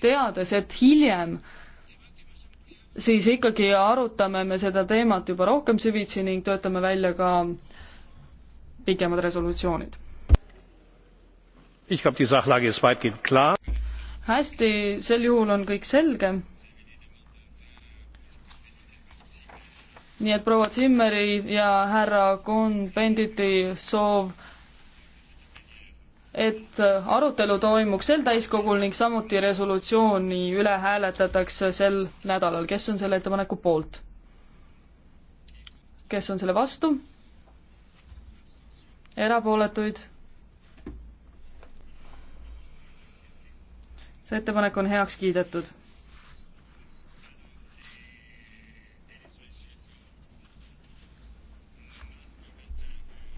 teades, et hiljem siis ikkagi arutame me seda teemat juba rohkem süvitsi ning töötame välja ka pikemad resolutsioonid. hästi, sel juhul on kõik selge. nii et proua Zimmeri ja härra Kohn-Benditi soov et arutelu toimuks sel täiskogul ning samuti resolutsiooni üle hääletatakse sel nädalal. kes on selle ettepaneku poolt? kes on selle vastu? erapooletuid? see ettepanek on heaks kiidetud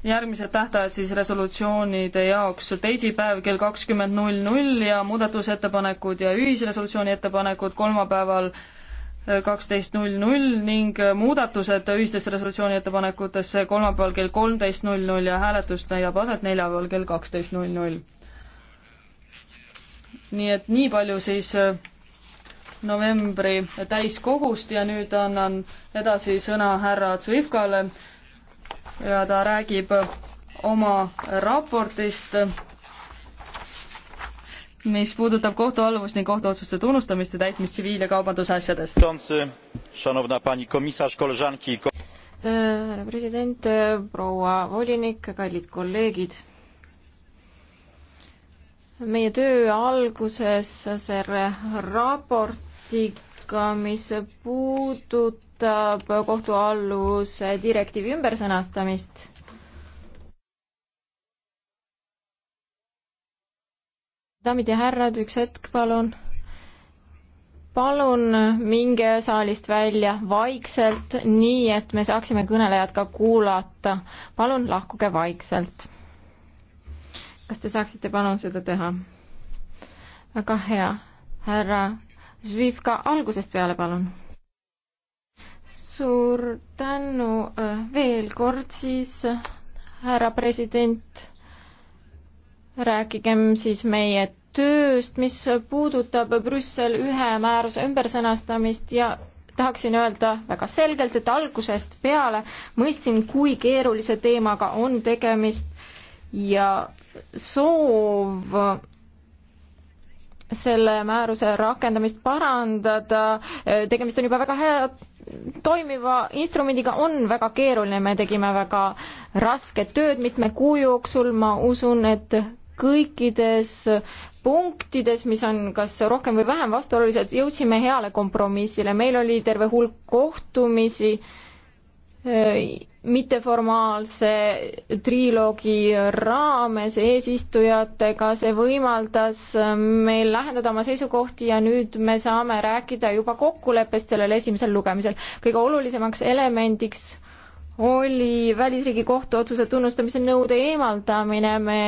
järgmised tähtajad siis resolutsioonide jaoks teisipäev kell kakskümmend null null ja muudatusettepanekud ja ühisresolutsiooni ettepanekud kolmapäeval äh, kaksteist null null ning äh, muudatused ühistesse resolutsiooni ettepanekutesse kolmapäeval kell kolmteist null null ja hääletus leiab aset neljapäeval kell kaksteist null null. nii et nii palju siis äh, novembri täiskogust ja nüüd annan edasi sõna härra Zvivkale ja ta räägib oma raportist, mis puudutab kohtualluvust ning kohtuotsuste tunnustamist ja täitmist tsiviil- ja kaubandusasjades. Äh, härra president, äh, proua volinik, kallid kolleegid meie töö alguses see raporti ka, mis puudutab kohtualluse direktiivi ümbersõnastamist. daamid ja härrad, üks hetk, palun. palun minge saalist välja vaikselt, nii et me saaksime kõnelejat ka kuulata. palun lahkuge vaikselt. kas te saaksite palun seda teha? väga hea, härra Zvivka algusest peale, palun. suur tänu äh, veel kord siis, äh, härra president. rääkigem siis meie tööst, mis puudutab Brüssel ühe määruse ümbersõnastamist ja tahaksin öelda väga selgelt, et algusest peale mõistsin, kui keerulise teemaga on tegemist ja soov selle määruse rakendamist parandada, tegemist on juba väga hea toimiva instrumendiga on väga keeruline, me tegime väga rasket tööd mitme kuu jooksul, ma usun, et kõikides punktides, mis on kas rohkem või vähem vastuolulised, jõudsime heale kompromissile, meil oli terve hulk kohtumisi äh, mitteformaalse triloogi raames eesistujatega, see võimaldas meil lähendada oma seisukohti ja nüüd me saame rääkida juba kokkuleppest sellel esimesel lugemisel. kõige olulisemaks elemendiks oli välisriigi kohtuotsuse tunnustamise nõude eemaldamine, me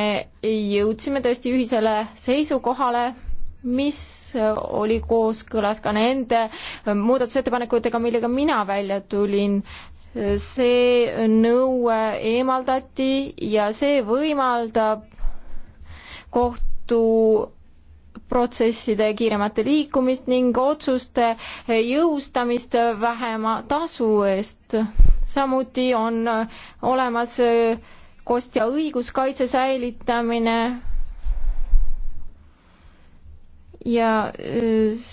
jõudsime tõesti ühisele seisukohale, mis oli kooskõlas ka nende muudatusettepanekutega, millega mina välja tulin see nõue eemaldati ja see võimaldab kohtu protsesside kiiremate liikumist ning otsuste jõustamist vähema tasu eest. samuti on olemas kostja õiguskaitse säilitamine ja äh,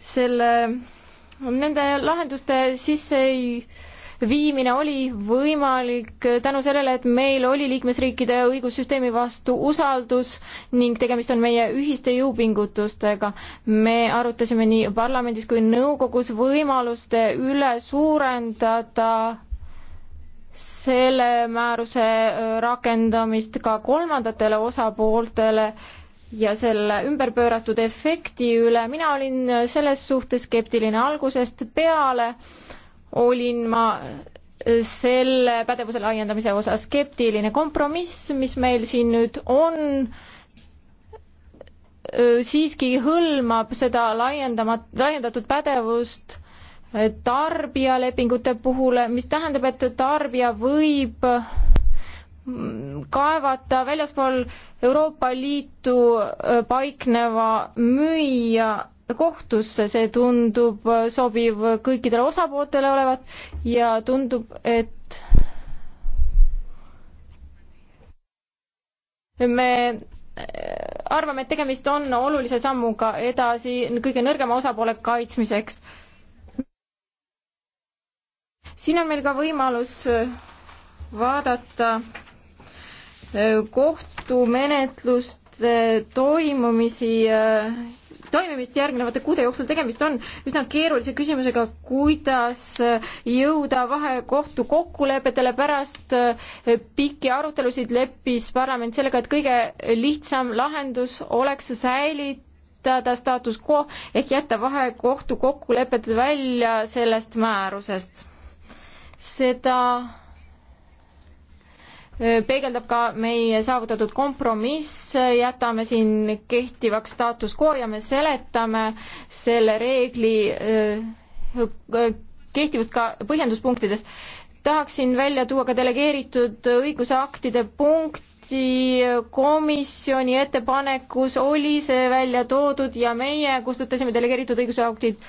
selle Nende lahenduste sisse ei viimine oli võimalik tänu sellele, et meil oli liikmesriikide õigussüsteemi vastu usaldus ning tegemist on meie ühiste jõupingutustega. me arutasime nii parlamendis kui nõukogus võimaluste üle suurendada selle määruse rakendamist ka kolmandatele osapooltele ja selle ümberpööratud efekti üle, mina olin selles suhtes skeptiline algusest peale, olin ma selle pädevuse laiendamise osa skeptiline kompromiss, mis meil siin nüüd on, siiski hõlmab seda laiendamat-, laiendatud pädevust tarbijalepingute puhul, mis tähendab, et tarbija võib kaevata väljaspool Euroopa Liitu äh, paikneva müüja kohtusse, see tundub äh, sobiv kõikidele osapooltele olevat ja tundub, et me äh, arvame, et tegemist on olulise sammuga edasi kõige nõrgema osapoole kaitsmiseks. siin on meil ka võimalus vaadata kohtumenetluste toimumisi, toimimist järgnevate kuude jooksul tegemist on üsna keerulise küsimusega, kuidas jõuda vahekohtu kokkulepetele pärast pikki arutelusid leppis parlament sellega, et kõige lihtsam lahendus oleks säilitada staatus quo ehk jätta vahekohtu kokkulepped välja sellest määrusest. seda peegeldab ka meie saavutatud kompromiss, jätame siin kehtivaks staatus quo ja me seletame selle reegli kehtivust ka põhjenduspunktides. tahaksin välja tuua ka delegeeritud õigusaktide punkti, komisjoni ettepanekus oli see välja toodud ja meie kustutasime delegeeritud õigusaktid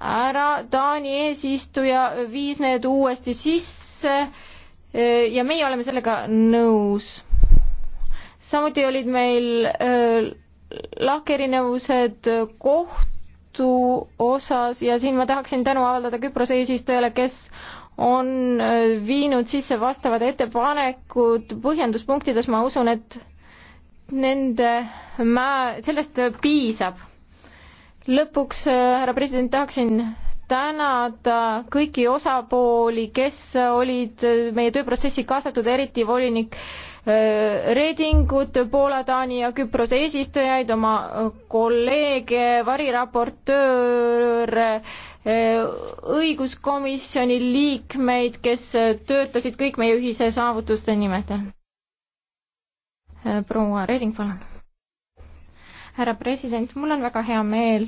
ära, Taani eesistuja viis need uuesti sisse Äh, ja meie oleme sellega nõus. samuti olid meil äh, lahkerinevused kohtu osas ja siin ma tahaksin tänu avaldada Küprose eesistujale, kes on äh, viinud sisse vastavad ettepanekud põhjenduspunktides, ma usun, et nende mä-, sellest piisab. lõpuks, härra president, tahaksin tänada kõiki osapooli, kes olid meie tööprotsessi kaasatud, eriti volinik äh, Redingut, Poola, Taani ja Küprose eesistujaid, oma kolleege, variraportööre, äh, õiguskomisjoni liikmeid, kes töötasid kõik meie ühise saavutuste nimedel. Äh, proua Reding, palun. härra president, mul on väga hea meel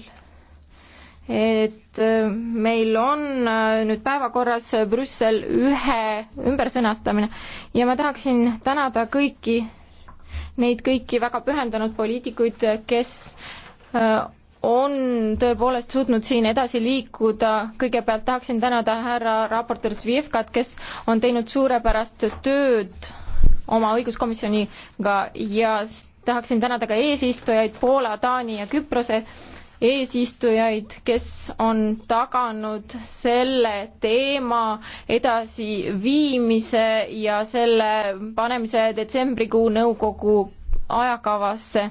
et äh, meil on äh, nüüd päevakorras Brüssel ühe ümbersõnastamine ja ma tahaksin tänada kõiki neid kõiki väga pühendunud poliitikuid, kes äh, on tõepoolest suutnud siin edasi liikuda, kõigepealt tahaksin tänada härra raportöör Zvjevkat, kes on teinud suurepärast tööd oma õiguskomisjoniga ja tahaksin tänada ka eesistujaid Poola, Taani ja Küprose äh, eesistujaid, kes on taganud selle teema edasiviimise ja selle panemise detsembrikuu nõukogu ajakavasse.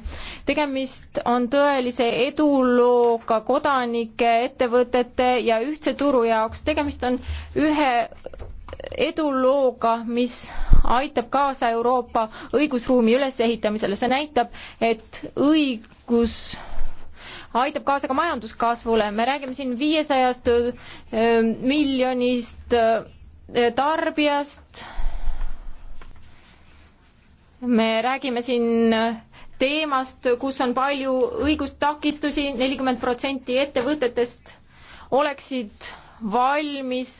tegemist on tõelise edulooga kodanike, ettevõtete ja ühtse turu jaoks, tegemist on ühe edulooga, mis aitab kaasa Euroopa õigusruumi ülesehitamisele, see näitab, et õigus aitab kaasa ka majanduskasvule, me räägime siin viiesajast ähm, miljonist äh, tarbijast, me räägime siin äh, teemast, kus on palju õigustakistusi, nelikümmend protsenti ettevõtetest oleksid valmis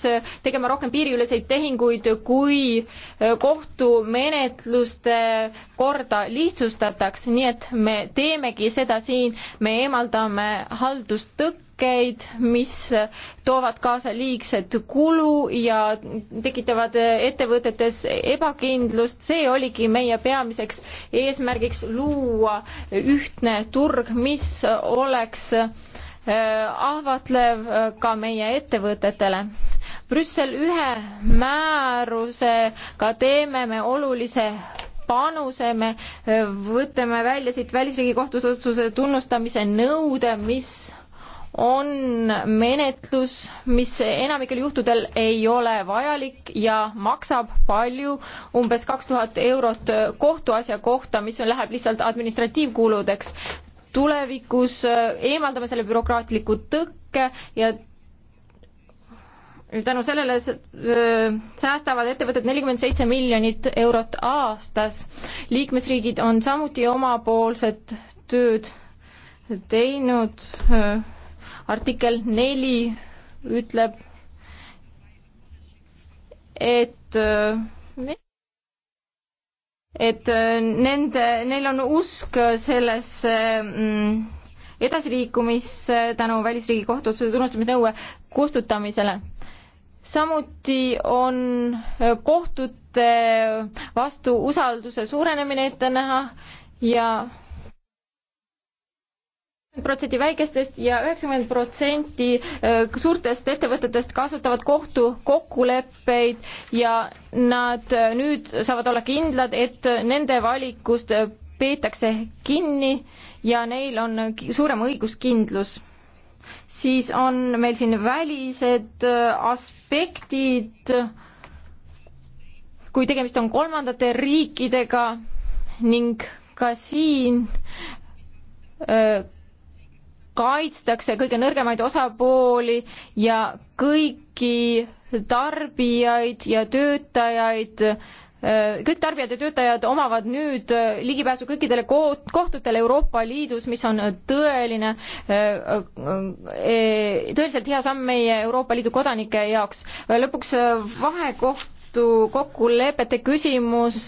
tegema rohkem piiriüleseid tehinguid, kui eh, kohtumenetluste korda lihtsustataks, nii et me teemegi seda siin, me eemaldame haldustõkkeid, mis toovad kaasa liigset kulu ja tekitavad ettevõtetes ebakindlust, see oligi meie peamiseks eesmärgiks luua ühtne turg, mis oleks Äh, ahvatlev äh, ka meie ettevõtetele. Brüssel ühe määrusega teeme me olulise panuse, me äh, võtame välja siit välisriigi kohtusotsuse tunnustamise nõude, mis on menetlus, mis enamikel juhtudel ei ole vajalik ja maksab palju, umbes kaks tuhat eurot kohtuasja kohta, mis läheb lihtsalt administratiivkuludeks tulevikus äh, eemaldame selle bürokraatliku tõkke ja tänu sellele äh, säästavad ettevõtted nelikümmend seitse miljonit eurot aastas. liikmesriigid on samuti omapoolset tööd teinud. Äh, artikkel neli ütleb, et et äh, nende, neil on usk sellesse mm, edasiliikumisse tänu välisriigi kohtuotsuse tunnustamisnõue kustutamisele. samuti on äh, kohtute vastu usalduse suurenemine ette näha ja protsenti väikestest ja üheksakümmend protsenti äh, suurtest ettevõtetest kasutavad kohtu kokkuleppeid ja nad äh, nüüd saavad olla kindlad, et nende valikust äh, peetakse kinni ja neil on suurem õiguskindlus. siis on meil siin välised aspektid, kui tegemist on kolmandate riikidega ning ka siin öö, kaitstakse kõige nõrgemaid osapooli ja kõiki tarbijaid ja töötajaid, äh, kõik tarbijad ja töötajad omavad nüüd äh, ligipääsu kõikidele kohtutele Euroopa Liidus, mis on tõeline, äh, tõeliselt hea samm meie Euroopa Liidu kodanike jaoks. lõpuks vahekohtu kokkulepete küsimus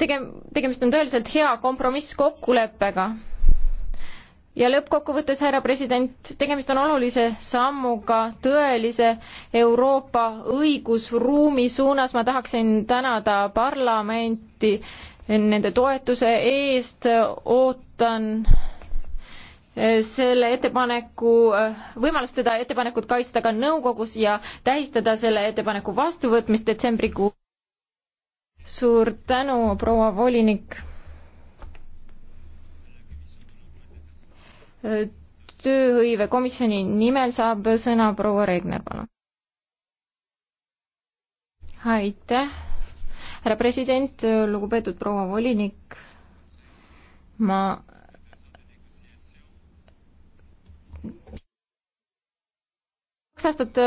tegem-, tegemist on tõeliselt hea kompromisskokkuleppega. ja lõppkokkuvõttes, härra president, tegemist on olulise sammuga tõelise Euroopa õigusruumi suunas, ma tahaksin tänada parlamenti nende toetuse eest, ootan eh, selle ettepaneku, eh, võimalust seda ettepanekut kaitsta ka nõukogus ja tähistada selle ettepaneku vastuvõtmist detsembrikuu suur tänu, proua volinik. tööhõivekomisjoni nimel saab sõna proua Regner, palun. aitäh, härra president, lugupeetud proua volinik. ma kaks aastat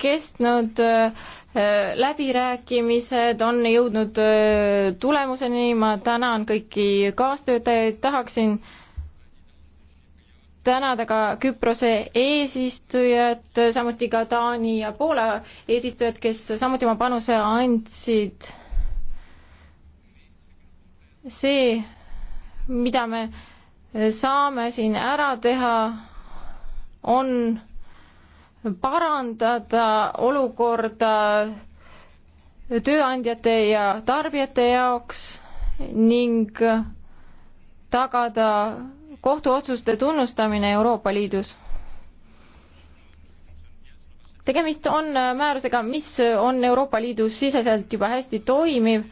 kestnud, äh, läbirääkimised on jõudnud äh, tulemuseni, ma tänan kõiki kaastöötajaid, tahaksin tänada ka Küprose eesistujat, samuti ka Taani ja Poola eesistujad, kes samuti oma panuse andsid. see, mida me saame siin ära teha, on parandada olukorda tööandjate ja tarbijate jaoks ning tagada kohtuotsuste tunnustamine Euroopa Liidus. tegemist on määrusega, mis on Euroopa Liidu siseselt juba hästi toimiv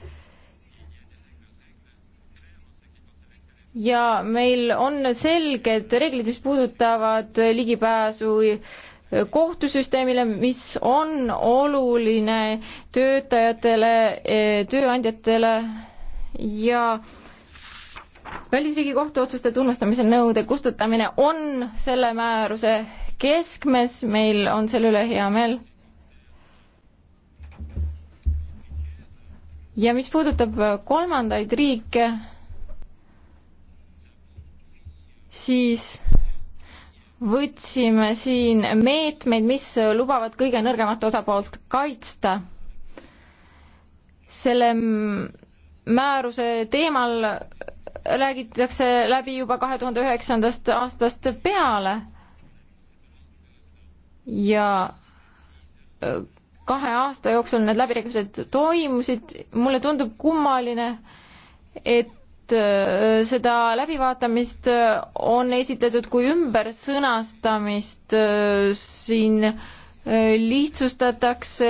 ja meil on selged reeglid, mis puudutavad ligipääsu kohtusüsteemile, mis on oluline töötajatele, tööandjatele ja välisriigi kohtuotsuste tunnustamise nõude kustutamine on selle määruse keskmes, meil on selle üle hea meel. ja mis puudutab kolmandaid riike, siis võtsime siin meetmeid, mis lubavad kõige nõrgemat osapoolt kaitsta. selle määruse teemal räägitakse läbi juba kahe tuhande üheksandast aastast peale ja kahe aasta jooksul need läbirääkimised toimusid, mulle tundub kummaline, et et äh, seda läbivaatamist äh, on esitletud kui ümbersõnastamist, äh, siin lihtsustatakse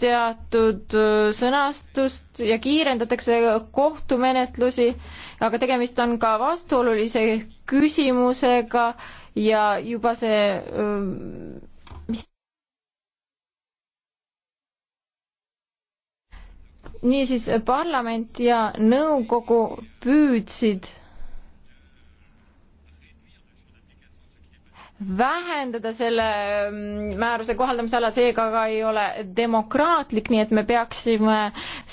teatud sõnastust ja kiirendatakse kohtumenetlusi, aga tegemist on ka vastuolulise küsimusega ja juba see niisiis parlament ja nõukogu püüdsid vähendada selle mm, määruse kohaldamisala, seega aga ei ole demokraatlik, nii et me peaksime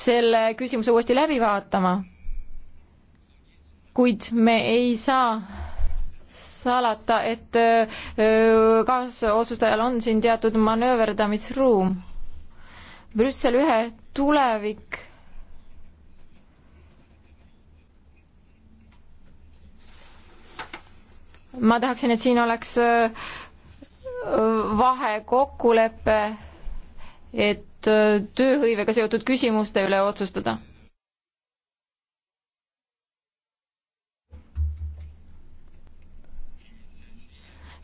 selle küsimuse uuesti läbi vaatama. kuid me ei saa salata, et äh, kaasotsustajal on siin teatud manööverdamisruum Brüssel ühe tulevik ma tahaksin, et siin oleks äh, vahekokkulepe, et äh, tööhõivega seotud küsimuste üle otsustada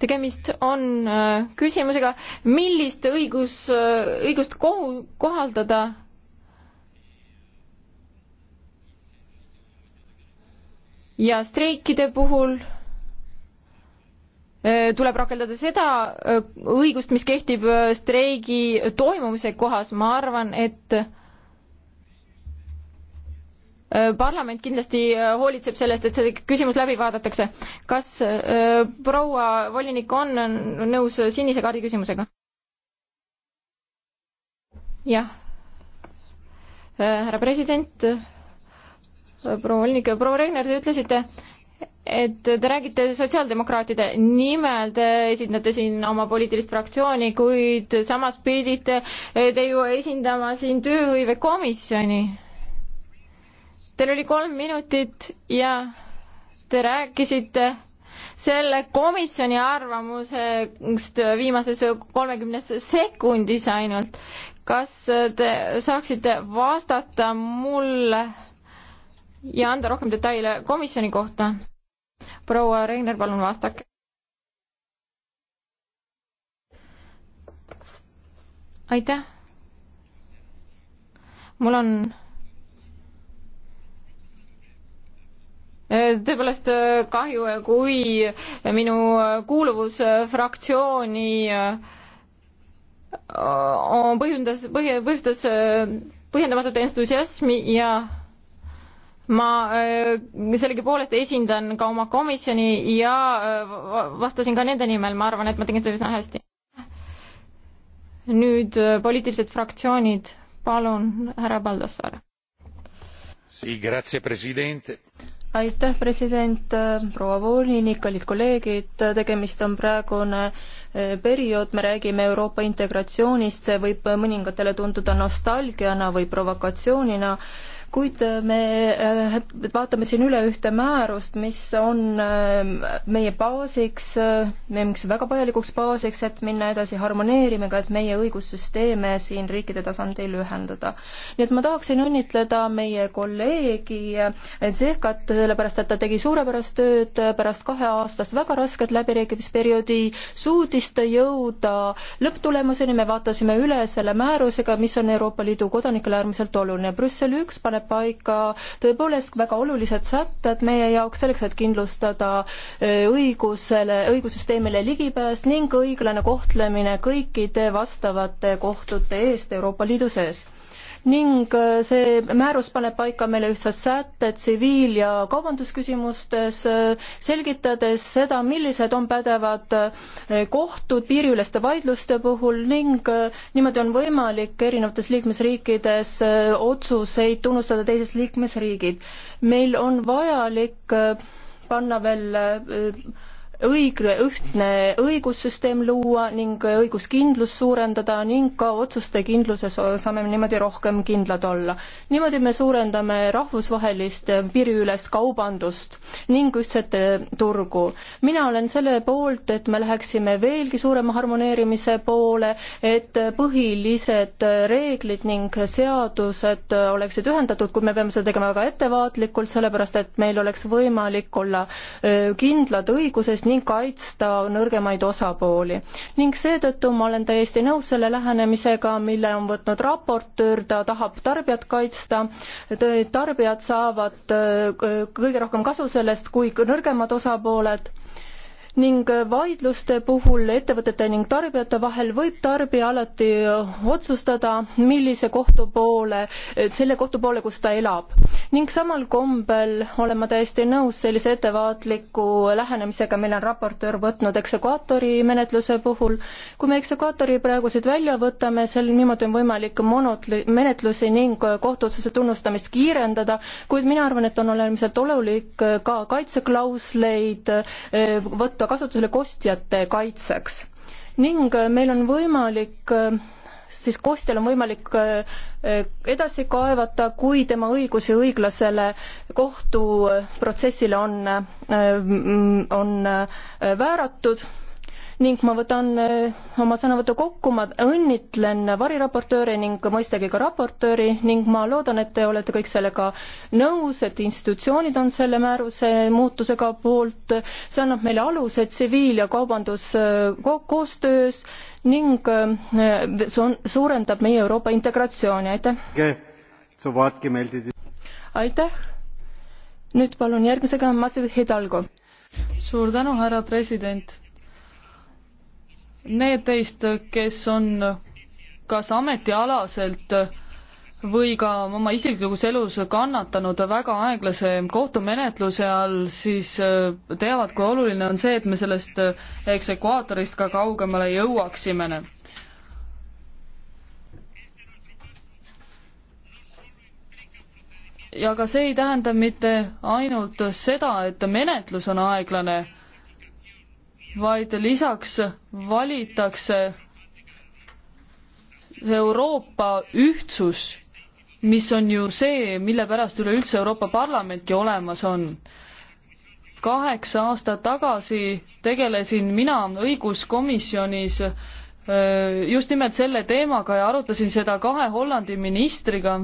tegemist on äh, küsimusega, millist õigus, äh, õigust kohu-, kohaldada ja streikide puhul äh, tuleb rakendada seda õigust, mis kehtib streigi toimumise kohas, ma arvan, et Äh, parlament kindlasti äh, hoolitseb sellest, et see küsimus läbi vaadatakse. kas äh, proua volinik on nõus sinise kaardi küsimusega? jah. härra president, proua volinik, proua Regner, te ütlesite, et te räägite sotsiaaldemokraatide nimel, te esindate siin oma poliitilist fraktsiooni, kuid samas pidite te ju esindama siin tööhõivekomisjoni Teil oli kolm minutit ja te rääkisite selle komisjoni arvamusest viimases kolmekümnes sekundis ainult. kas te saaksite vastata mulle ja anda rohkem detaile komisjoni kohta? proua Reiner, palun vastake. aitäh. mul on tõepoolest äh, kahju, kui minu kuuluvus äh, fraktsiooni äh, põhjendas, põhj-, põhjustas põhjendamatut entusiasmi ja ma sellegipoolest esindan ka oma komisjoni ja vastasin ka nende nimel, ma arvan, et ma tegin seda üsna hästi. nüüd poliitilised fraktsioonid, palun, härra Paldassaar. Sì, grazie Presidente aitäh, president, proua volinik, kallid kolleegid, tegemist on praegune eh, periood, me räägime Euroopa integratsioonist, see võib mõningatele tunduda nostalgiana või provokatsioonina kuid me äh, vaatame siin üle ühte määrust, mis on äh, meie baasiks, äh, mingiks väga vajalikuks baasiks, et minna edasi harmoneerimisega, et meie õigussüsteeme siin riikide tasandil ühendada. nii et ma tahaksin õnnitleda meie kolleegi Zehkat, sellepärast et ta tegi suurepärast tööd pärast kaheaastast väga rasket läbirääkimisperioodi, suutis ta jõuda lõpptulemuseni, me vaatasime üle selle määrusega, mis on Euroopa Liidu kodanikele äärmiselt oluline. Brüssel üks paneb paneb paika tõepoolest väga olulised sätted meie jaoks selleks, et kindlustada äh, õigusele, õigussüsteemile ligipääs ning õiglane kohtlemine kõikide vastavate kohtute eest Euroopa Liidu sees ning äh, see määrus paneb paika meile ühtsed sätted tsiviil- ja kaubandusküsimustes, äh, selgitades seda, millised on pädevad äh, kohtud piiriüleste vaidluste puhul ning niimoodi on võimalik erinevates liikmesriikides otsuseid tunnustada teises liikmesriigid. meil on vajalik panna veel õig-, ühtne õigussüsteem luua ning õiguskindlust suurendada ning ka otsuste kindluses saame niimoodi rohkem kindlad olla. niimoodi me suurendame rahvusvahelist piiriülest kaubandust ning ühtset eh, turgu. mina olen selle poolt, et me läheksime veelgi suurema harmoneerimise poole, et põhilised reeglid ning seadused oleksid ühendatud, kuid me peame seda tegema väga ettevaatlikult, sellepärast et meil oleks võimalik olla eh, kindlad õiguses, ning kaitsta nõrgemaid osapooli. ning seetõttu ma olen täiesti nõus selle lähenemisega, mille on võtnud raportöör, ta tahab tarbijat kaitsta, tarbijad saavad äh, kõige rohkem kasu sellest, kui nõrgemad osapooled ning vaidluste puhul ettevõtete ning tarbijate vahel võib tarbija alati otsustada, millise kohtu poole, selle kohtu poole, kus ta elab ning samal kombel olen ma täiesti nõus sellise ettevaatliku lähenemisega, mille on raportöör võtnud Exequatori menetluse puhul. kui me Exequatori praegu siit välja võtame, sel niimoodi on võimalik monotli-, menetlusi ning kohtuotsuse tunnustamist kiirendada, kuid mina arvan, et on äärmiselt olulik ka kaitseklausleid e, võtta kasutusele kostjate kaitseks ning meil on võimalik e, siis kostjal on võimalik äh, äh, edasi kaevata, kui tema õigusi õiglasele kohtuprotsessile on, äh, on vääratud ning ma võtan äh, oma sõnavõtu kokku, ma õnnitlen variraportööri ning mõistagi ka raportööri ning ma loodan, et te olete kõik sellega nõus, et institutsioonid on selle määruse muutusega poolt, see annab meile aluse tsiviil- ja kaubanduskoostöös äh, ning äh, see on, suurendab meie Euroopa integratsiooni, aitäh! aitäh! nüüd palun järgmisega Masih Hidalgo. suur tänu, härra president need teist, kes on kas ametialaselt või ka oma isiklikus elus kannatanud väga aeglase kohtumenetluse all, siis äh, teavad, kui oluline on see, et me sellest äh, eksekvaatorist ka kaugemale jõuaksime. ja ka see ei tähenda mitte ainult seda, et menetlus on aeglane vaid lisaks valitakse Euroopa ühtsus, mis on ju see, mille pärast üleüldse Euroopa Parlamentki olemas on. kaheksa aastat tagasi tegelesin mina õiguskomisjonis äh, just nimelt selle teemaga ja arutasin seda kahe Hollandi ministriga.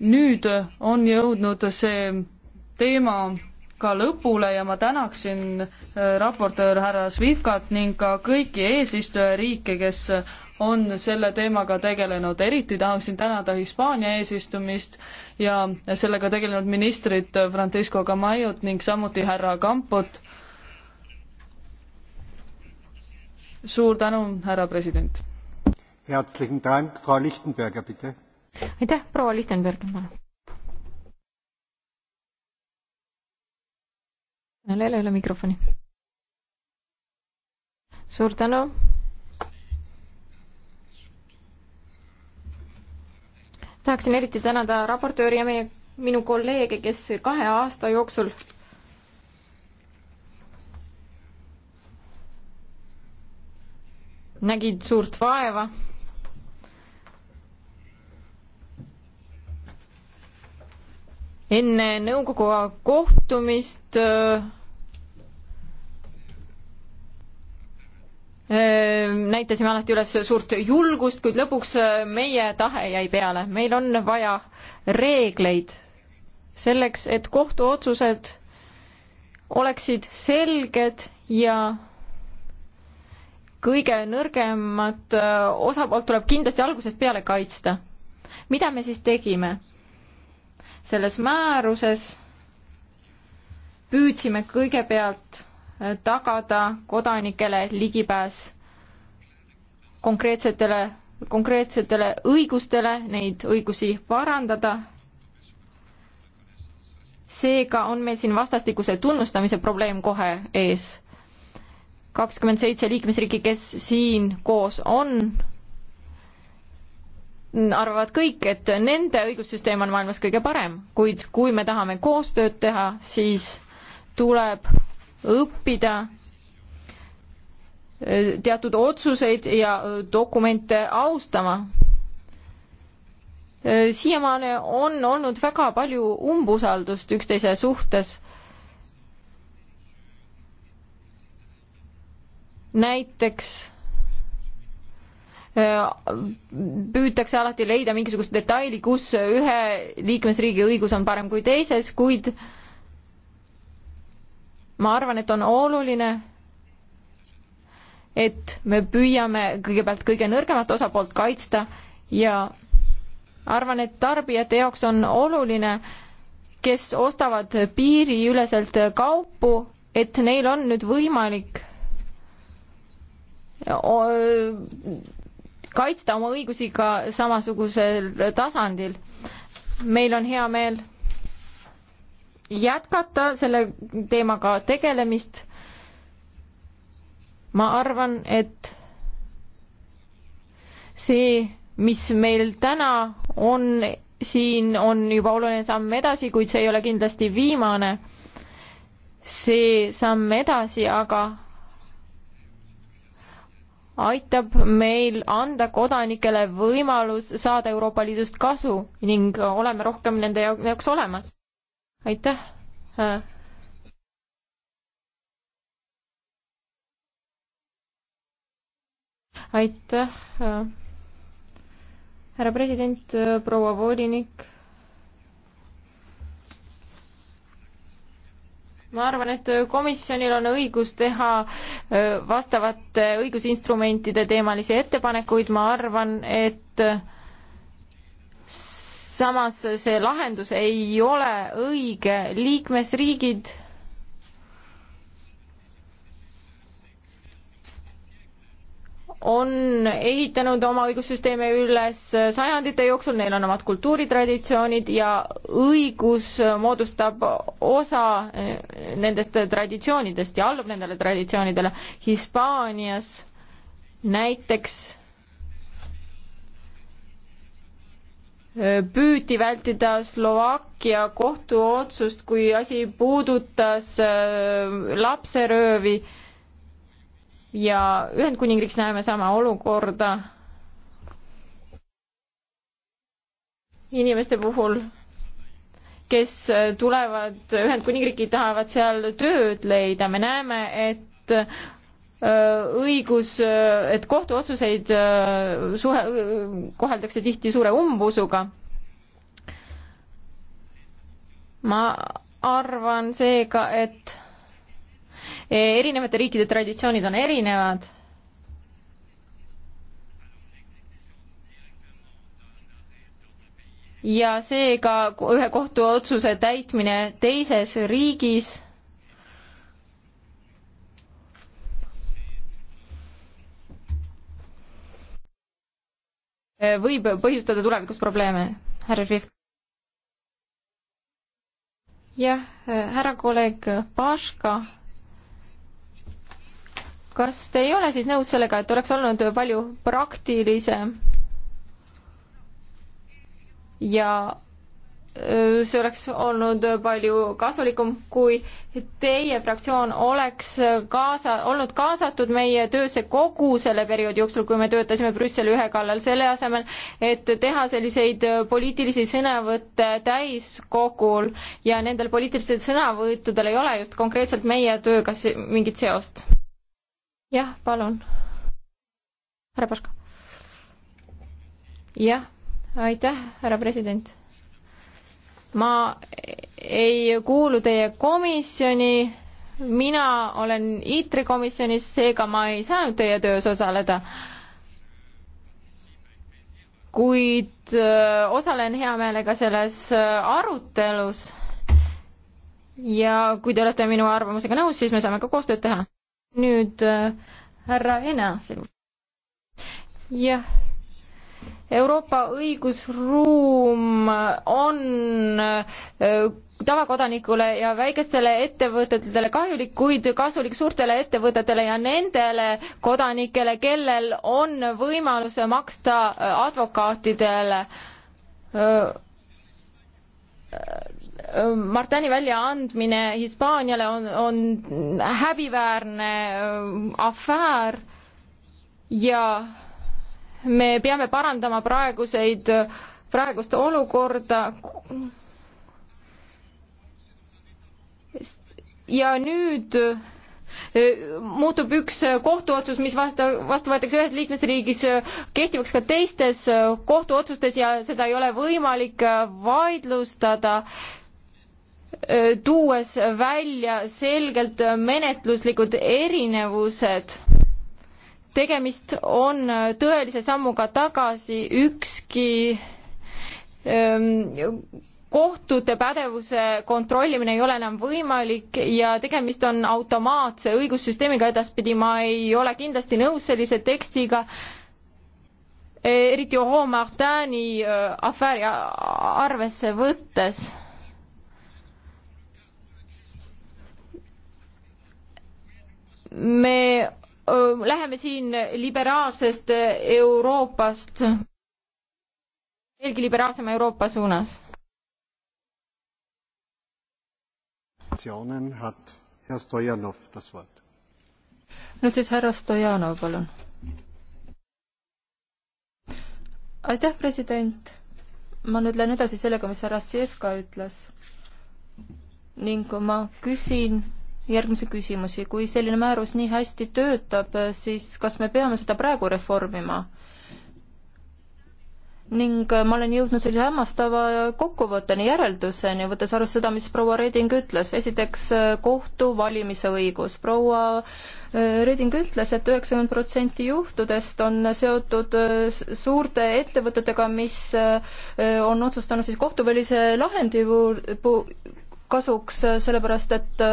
nüüd on jõudnud see teema ka lõpule ja ma tänaksin äh, raportöör härra Svifkat ning ka kõiki eesistujariike, kes on selle teemaga tegelenud, eriti tahaksin tänada Hispaania eesistumist ja sellega tegelenud ministrit Francisco Camayot ning samuti härra Campot. suur tänu, härra president. aitäh, proua Lichtenberg, palun. kõnelejal ei ole mikrofoni. suur tänu. tahaksin eriti tänada raportööri ja meie, minu kolleege, kes kahe aasta jooksul nägid suurt vaeva enne nõukogu kohtumist äh, Ehm, näitasime alati üles suurt julgust, kuid lõpuks ehm, meie tahe jäi peale. meil on vaja reegleid selleks, et kohtuotsused oleksid selged ja kõige nõrgemat ehm, osapoolt tuleb kindlasti algusest peale kaitsta. mida me siis tegime? selles määruses püüdsime kõigepealt tagada kodanikele ligipääs konkreetsetele, konkreetsetele õigustele, neid õigusi parandada. seega on meil siin vastastikuse tunnustamise probleem kohe ees. kakskümmend seitse liikmesriiki, kes siin koos on, arvavad kõik, et nende õigussüsteem on maailmas kõige parem, kuid kui me tahame koostööd teha, siis tuleb õppida äh, teatud otsuseid ja äh, dokumente austama. Äh, siiamaani on olnud väga palju umbusaldust üksteise suhtes. näiteks püütakse alati leida mingisugust detaili, kus ühe liikmesriigi õigus on parem kui teises, kuid äh, ma arvan, et on oluline, et me püüame kõigepealt kõige nõrgemat osapoolt kaitsta ja arvan, et tarbijate jaoks on oluline, kes ostavad piiriüleselt kaupu, et neil on nüüd võimalik kaitsta oma õigusi ka samasugusel tasandil. meil on hea meel jätkata selle teemaga tegelemist. ma arvan, et see, mis meil täna on, siin on juba oluline samm edasi, kuid see ei ole kindlasti viimane. see samm edasi aga aitab meil anda kodanikele võimalus saada Euroopa Liidust kasu ning oleme rohkem nende jaoks olemas aitäh. aitäh, härra president, proua volinik. ma arvan, et komisjonil on õigus teha vastavate õigusinstrumentide teemalisi ettepanekuid, ma arvan, et samas see lahendus ei ole õige, liikmesriigid on ehitanud oma õigussüsteeme üles sajandite jooksul, neil on omad kultuuritraditsioonid ja õigus moodustab osa eh, nendest traditsioonidest ja allub nendele traditsioonidele. Hispaanias näiteks püüti vältida Slovakkia kohtuotsust, kui asi puudutas äh, lapseröövi ja Ühendkuningriigis näeme sama olukorda inimeste puhul, kes äh, tulevad Ühendkuningriiki, tahavad seal tööd leida, me näeme, et õigus, et kohtuotsuseid suhe, koheldakse tihti suure umbusuga. ma arvan seega, et e, erinevate riikide traditsioonid on erinevad ja seega ühe kohtuotsuse täitmine teises riigis Eh, võib põhjustada tulevikus probleeme. härra Švif. jah, eh, härra kolleeg Paška, kas te ei ole siis nõus sellega, et oleks olnud palju praktilisem ja see oleks olnud palju kasulikum, kui teie fraktsioon oleks kaasa, olnud kaasatud meie töösse kogu selle perioodi jooksul, kui me töötasime Brüsseli ühe kallal, selle asemel, et teha selliseid poliitilisi sõnavõtte täiskogul ja nendel poliitilistel sõnavõttudel ei ole just konkreetselt meie tööga mingit seost. jah, palun. härra Paška. jah, aitäh, härra president ma ei kuulu teie komisjoni, mina olen ITRI komisjonis, seega ma ei saanud teie töös osaleda. kuid äh, osalen hea meelega selles äh, arutelus ja kui te olete minu arvamusega nõus, siis me saame ka koostööd teha. nüüd äh, härra Ene, sinu. jah Euroopa õigusruum on äh, tavakodanikule ja väikestele ettevõtetele kahjulik, kuid kasulik suurtele ettevõtetele ja nendele kodanikele, kellel on võimalus maksta äh, advokaatidele. Äh, Martani väljaandmine Hispaaniale on, on häbiväärne afäär ja me peame parandama praeguseid, praegust olukorda. ja nüüd eh, muutub üks kohtuotsus, mis vastu, vastu võetakse ühes liikmesriigis, kehtivaks ka teistes kohtuotsustes ja seda ei ole võimalik vaidlustada, eh, tuues välja selgelt menetluslikud erinevused tegemist on äh, tõelise sammuga tagasi, ükski ähm, kohtute pädevuse kontrollimine ei ole enam võimalik ja tegemist on automaatse õigussüsteemiga edaspidi, ma ei ole kindlasti nõus sellise tekstiga, eriti Oho Martini äh, afääri arvesse võttes me läheme siin liberaalsest äh, Euroopast veelgi liberaalsema Euroopa suunas. nüüd siis härra Stojanov, palun. aitäh, president. ma nüüd lähen edasi sellega, mis härra Sefka ütles. ning ma küsin järgmisi küsimusi. kui selline määrus nii hästi töötab, siis kas me peame seda praegu reformima? ning ma olen jõudnud sellise hämmastava kokkuvõtteni, järelduseni, võttes arvesse seda, mis proua Reding ütles. esiteks kohtu valimise õigus. proua äh, Reding ütles et, et üheksakümmend protsenti juhtudest on seotud äh, suurte ettevõtetega, mis äh, on otsustanud siis kohtuvälise lahendi kasuks, sellepärast et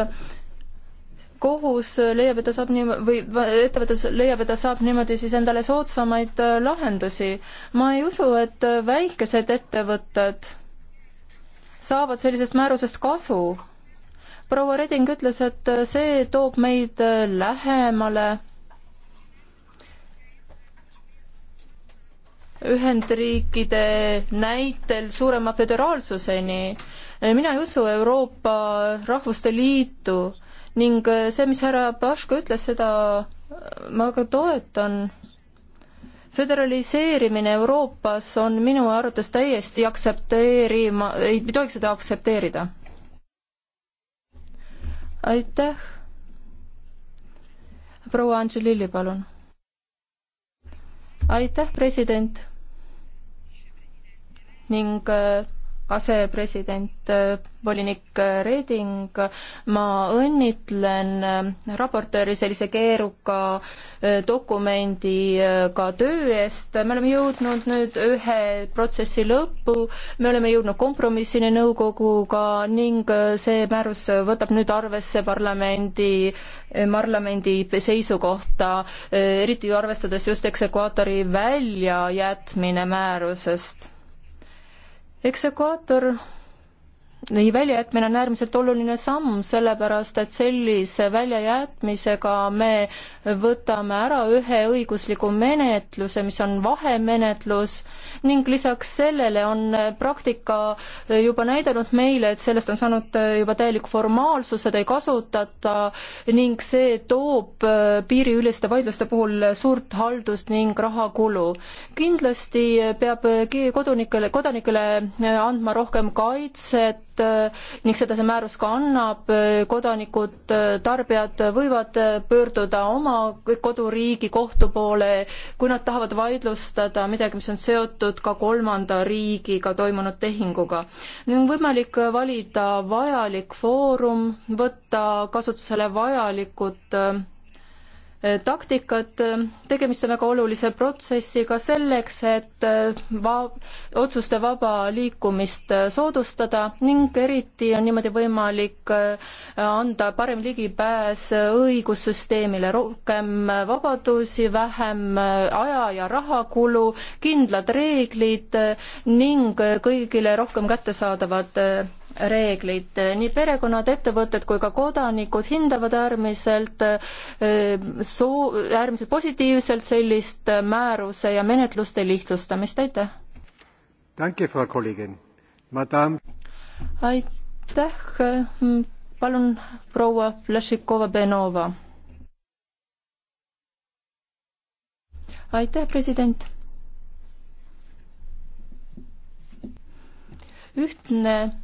kohus leiab, et ta saab nii- või ettevõttes leiab, et ta saab niimoodi siis endale soodsamaid äh, lahendusi. ma ei usu, et äh, väikesed ettevõtted saavad sellisest määrusest kasu proua Reding ütles, et äh, see toob meid lähemale Ühendriikide näitel suurema föderaalsuseni. mina ei usu Euroopa Rahvuste Liitu, ning äh, see, mis härra Paško ütles, seda äh, ma ka toetan. föderaliseerimine Euroopas on minu arvates täiesti aktsepteerima, ei tohiks seda aktsepteerida. aitäh. proua Anželilli, palun. aitäh, president ning äh, asepresident, äh, volinik äh, Reding, ma õnnitlen äh, raportööri sellise keeruka dokumendiga töö eest, me oleme jõudnud nüüd ühe protsessi lõppu, me oleme jõudnud kompromissini nõukoguga ning see määrus võtab nüüd arvesse parlamendi parlamendi seisukohta, eriti arvestades just eksekvaatori väljajätmine määrusest eksekvaator väljajätmine on äärmiselt oluline samm, sellepärast et sellise väljajätmisega me võtame ära ühe õigusliku menetluse, mis on vahemenetlus ning lisaks sellele on praktika juba näidanud meile, et sellest on saanud juba täielik formaalsus, seda ei kasutata ning see toob piiriüliste vaidluste puhul suurt haldust ning rahakulu. kindlasti peab kodunikele, kodanikele andma rohkem kaitset ning seda see määrus ka annab, kodanikud, tarbijad võivad pöörduda oma koduriigi kohtu poole, kui nad tahavad vaidlustada midagi, mis on seotud seotud ka kolmanda riigiga toimunud tehinguga. nüüd on võimalik valida vajalik foorum, võtta kasutusele vajalikud äh, Eh, taktikat, eh, tegemist on väga olulise protsessiga selleks, et eh, va-, otsuste vaba liikumist soodustada ning eriti on niimoodi võimalik anda parem ligipääs õigussüsteemile, rohkem vabadusi, vähem aja- ja rahakulu, kindlad reeglid ning kõigile rohkem kättesaadavad reeglid. nii perekonnad, ettevõtted kui ka kodanikud hindavad äärmiselt eh, soo-, äärmiselt positiivselt sellist määruse ja menetluste lihtsustamist, aitäh! aitäh, mm, palun proua Vlašikova-Benova. aitäh, president ühtne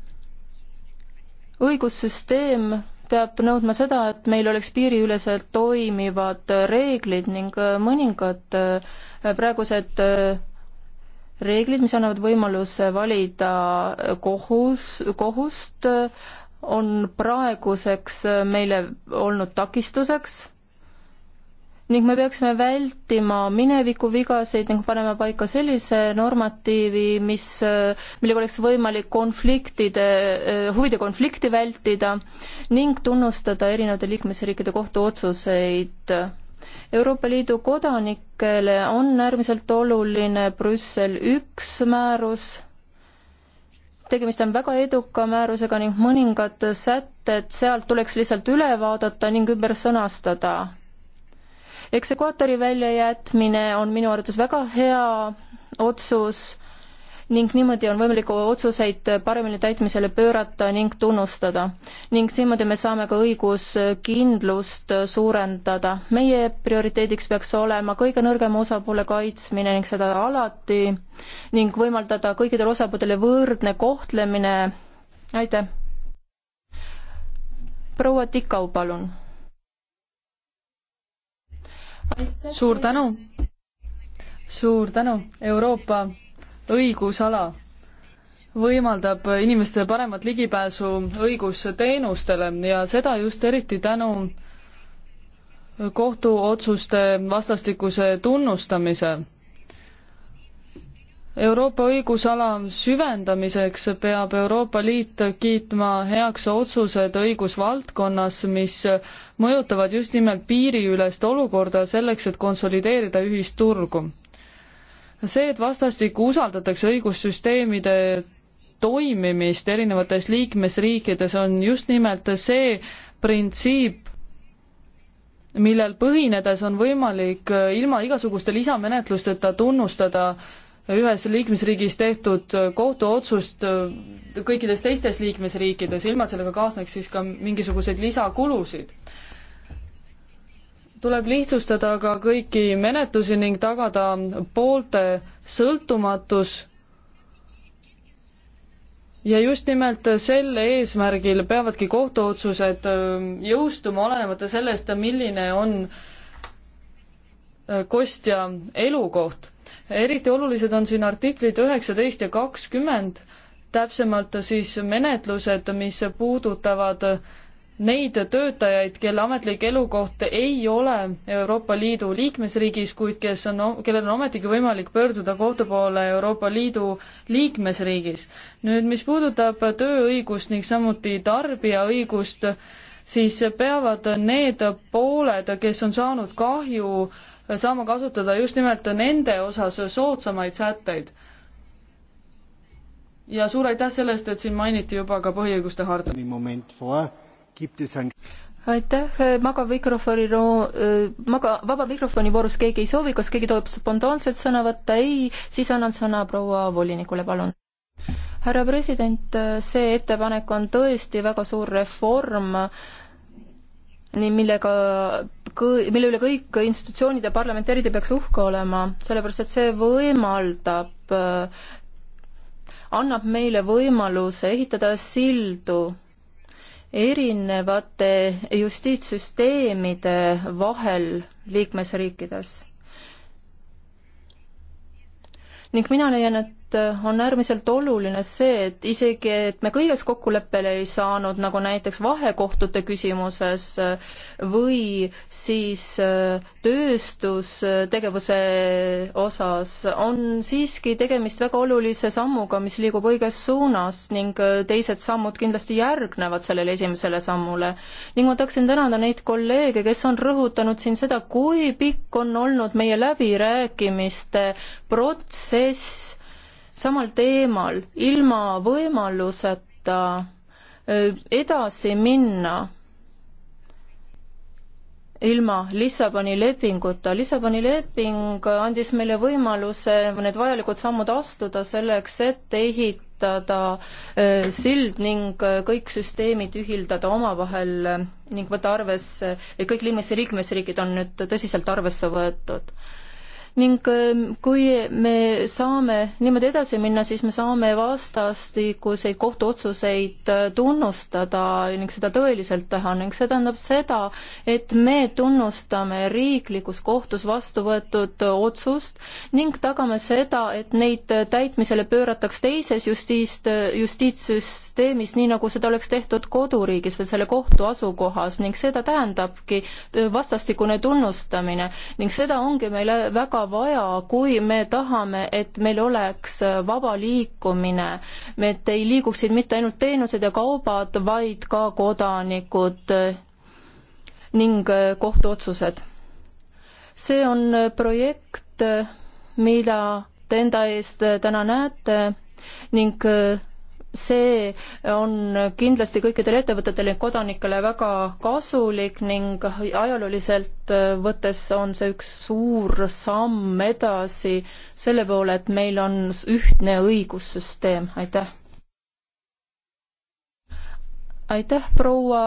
õigussüsteem peab nõudma seda, et meil oleks piiriüleselt toimivad reeglid ning äh, mõningad äh, praegused äh, reeglid, mis annavad võimaluse valida kohus, kohust, on praeguseks meile olnud takistuseks ning me peaksime vältima mineviku vigaseid ning panema paika sellise normatiivi, mis, millega oleks võimalik konfliktide, huvide konflikti vältida ning tunnustada erinevate liikmesriikide kohtuotsuseid. Euroopa Liidu kodanikele on äärmiselt oluline Brüssel üks määrus, tegemist on väga eduka määrusega ning mõningad sätted sealt tuleks lihtsalt üle vaadata ning ümber sõnastada eksekvaatori väljajätmine on minu arvates väga hea otsus ning niimoodi on võimalik otsuseid paremini täitmisele pöörata ning tunnustada. ning niimoodi me saame ka õiguskindlust suurendada. meie prioriteediks peaks olema kõige nõrgema osapoole kaitsmine ning seda alati ning võimaldada kõikidele osapooltele võrdne kohtlemine. aitäh! proua Tikau, palun suur tänu, suur tänu, Euroopa õigusala võimaldab inimestele paremat ligipääsu õigusteenustele ja seda just eriti tänu kohtuotsuste vastastikuse tunnustamise. Euroopa õigusala süvendamiseks peab Euroopa Liit kiitma heaks otsused õigusvaldkonnas, mis mõjutavad just nimelt piiriülest olukorda selleks, et konsolideerida ühisturgu. see, et vastastikku usaldatakse õigussüsteemide toimimist erinevates liikmesriikides, on just nimelt see printsiip, millel põhinedes on võimalik ilma igasuguste lisamenetlusteta tunnustada ühes liikmesriigis tehtud kohtuotsust kõikides teistes liikmesriikides, ilma et sellega kaasneks siis ka mingisuguseid lisakulusid. tuleb lihtsustada ka kõiki menetlusi ning tagada poolte sõltumatus ja just nimelt sel eesmärgil peavadki kohtuotsused ähm, jõustuma, olenemata sellest, milline on äh, kostja elukoht eriti olulised on siin artiklid üheksateist ja kakskümmend, täpsemalt siis menetlused, mis puudutavad neid töötajaid, kelle ametlik elukoht ei ole Euroopa Liidu liikmesriigis, kuid kes on, kellel on ometigi võimalik pöörduda kohtu poole Euroopa Liidu liikmesriigis. nüüd, mis puudutab tööõigust ning samuti tarbijaõigust, siis peavad need pooled, kes on saanud kahju äh, saama kasutada just nimelt nende osas soodsamaid sätteid. ja suur aitäh selle eest, et siin mainiti juba ka põhiõiguste harta. aitäh, eh, maga mikrofoni roo-, eh, maga, vaba mikrofoni voorus keegi ei soovi, kas keegi tohib spontaanselt sõna võtta, ei, siis annan sõna proua volinikule, palun härra president, eh, see ettepanek on tõesti väga suur reform äh, nii millega kõ-, mille üle kõik institutsioonid ja parlamentärid ei peaks uhke olema, sellepärast et see võimaldab, annab meile võimaluse ehitada sildu erinevate justiitssüsteemide vahel liikmesriikides. ning mina leian, et et äh, on äärmiselt oluline see, et isegi, et me kõiges kokkuleppele ei saanud, nagu näiteks vahekohtute küsimuses äh, või siis äh, tööstustegevuse osas, on siiski tegemist väga olulise sammuga, mis liigub õiges suunas ning teised sammud kindlasti järgnevad sellele esimesele sammule. ning ma tahaksin tänada neid kolleege, kes on rõhutanud siin seda, kui pikk on olnud meie läbirääkimiste protsess samal teemal ilma võimaluseta edasi minna ilma Lissaboni lepinguta. Lissaboni leping andis meile võimaluse need vajalikud sammud astuda selleks, et ehitada sild ning kõik süsteemid ühildada omavahel ning võtta arvesse, et kõik liikmesriigid on nüüd tõsiselt arvesse võetud ning ähm, kui me saame niimoodi edasi minna, siis me saame vastastikuseid kohtuotsuseid äh, tunnustada ning seda tõeliselt teha ning see tähendab seda, et me tunnustame riiklikus kohtus vastu võetud äh, otsust ning tagame seda, et neid äh, täitmisele pöörataks teises justiits, justiitssüsteemis, nii nagu seda oleks tehtud koduriigis või selle kohtu asukohas ning seda tähendabki vastastikune tunnustamine ning seda ongi meile väga seda vaja, kui me tahame, et meil oleks vaba liikumine, et ei liiguksid mitte ainult teenused ja kaubad, vaid ka kodanikud ning kohtuotsused. see on projekt, mida te enda eest täna näete ning see on kindlasti kõikidele ettevõtetele ja kodanikele väga kasulik ning ajalooliselt võttes on see üks suur samm edasi selle poole, et meil on ühtne õigussüsteem, aitäh. aitäh, proua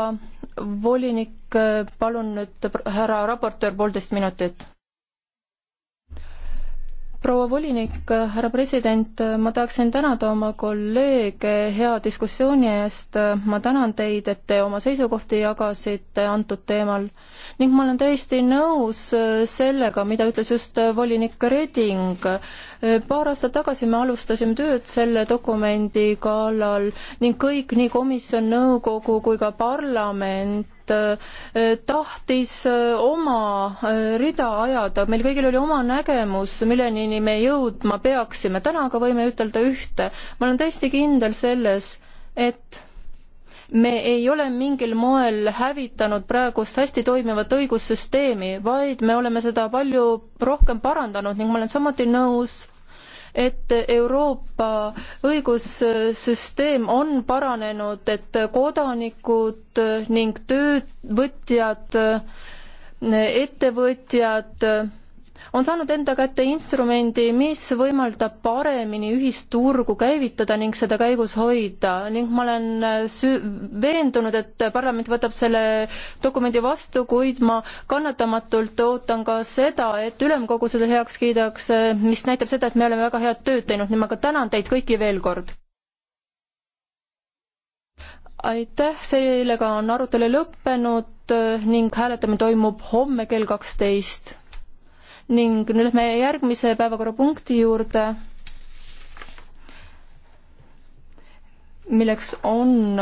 volinik, palun nüüd härra raportöör, poolteist minutit proua volinik, härra president, ma tahaksin tänada oma kolleege hea diskussiooni eest, ma tänan teid, et te oma seisukohti jagasite antud teemal ning ma olen täiesti nõus sellega, mida ütles just volinik Reding. paar aastat tagasi me alustasime tööd selle dokumendi kallal ning kõik, nii komisjon, nõukogu kui ka parlament Eh, tahtis eh, oma eh, rida ajada, meil kõigil oli oma nägemus, milleni me jõudma peaksime, täna aga võime ütelda ühte, ma olen täiesti kindel selles, et me ei ole mingil moel hävitanud praegust hästi toimivat õigussüsteemi, vaid me oleme seda palju rohkem parandanud ning ma olen samuti nõus et Euroopa õigussüsteem on paranenud, et kodanikud ning töövõtjad, ettevõtjad on saanud enda kätte instrumendi, mis võimaldab paremini ühisturgu käivitada ning seda käigus hoida ning ma olen sü-, veendunud, et parlament võtab selle dokumendi vastu, kuid ma kannatamatult ootan ka seda, et ülemkogu selle heaks kiidaks, mis näitab seda, et me oleme väga head tööd teinud, nii ma ka tänan teid kõiki veel kord. aitäh, sellega on arutelu lõppenud ning hääletamine toimub homme kell kaksteist ning nüüd lähme järgmise päevakorrapunkti juurde, milleks on